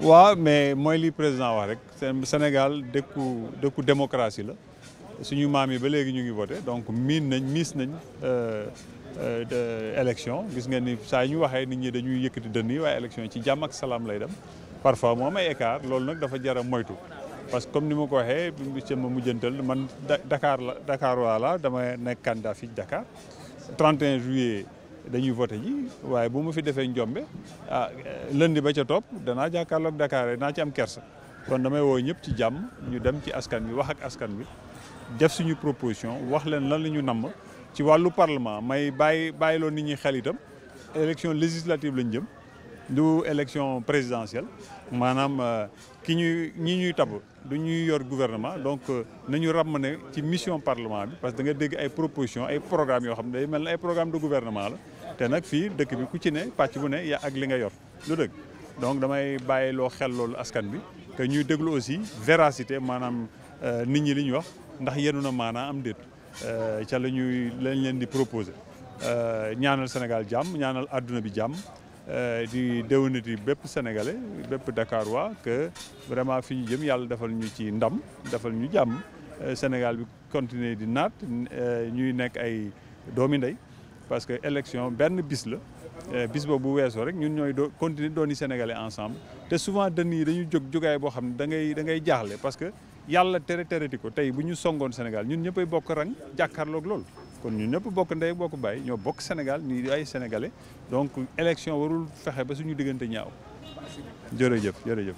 waaw mais mooy li président wax rek Sénégal dëkku dëkku démocratie la suñu maam yi ba léegi ñu ngi voté donc miin nañ miis nañ euh, euh, élection gis ngeen ni saa ñu waxee nit ñi dañuy yëkkati dënn yi waaye élection ci jàmm ak salaam lay dem parfois moom ay écart loolu nag dafa jar a moytu parce que comme ni ma ko waxee monsieur ma mujjantal man Dakar la Dakar waa la dama nekk candidat fii Dakar 31 juillet dañuy voté ji waaye bu ma fi defee njombe ah lundi ba ca topp danaa jàkkaarloog Dakar naa ci am kersa kon damay woo ñëpp ci jàmm ñu dem ci askan bi wax ak askan bi def suñu proposition wax leen lan la ñu namm ci wàllu parlement may bàyyi bàyyiloo nit ñi xel itam élection législative lañ jëm du élection présidentielle maanaam euh, ki ñuy ñi ñuy tab du ñuy yor gouvernement donc euh, nañu ramener ci mission parlement bi parce que da nga dégg ay proposition ay programme yoo xam ne day mel ne ay programme de gouvernement la te nag fii dëkk bi ku ci ne pàcc bu ne yaa ak li nga yor lu dëgg donc damay bàyyi loo xel loolu askan bi te ñuy déglu aussi véracité maanaam euh, nit ñi li ñu wax ndax yenu na maanaam am déet ca la ñuy lañ leen di proposer ñaanal Sénégal jàmm ñaanal àdduna bi jàmm Euh, di déwénati bépp sénégalais bépp Dakarois que vraiment fi ñu jëm yàlla defal ñu ci ndam defal ñu jàmm euh, Sénégal bi continuer di naat euh, ñuy nekk ay doomi ndey parce que élection benn bis la bis boobu bu weesoo rek ñun ñooy do continuer dooni sénégalais ensemble te souvent dënn yi dañu jog jógaay boo xam ne da ngay da ngay jaaxle parce que yàlla tere tereti ko tey bu ñu songoon Sénégal ñun ñëppay bokk rang jàkkaarloog loolu kon ñu ñëpp bokk ndey bokk bàyyi ñoo bokk Sénégal ñu ay sénégalais donc élection warul fexe ba suñu diggante ñaaw jërëjëf jërëjëf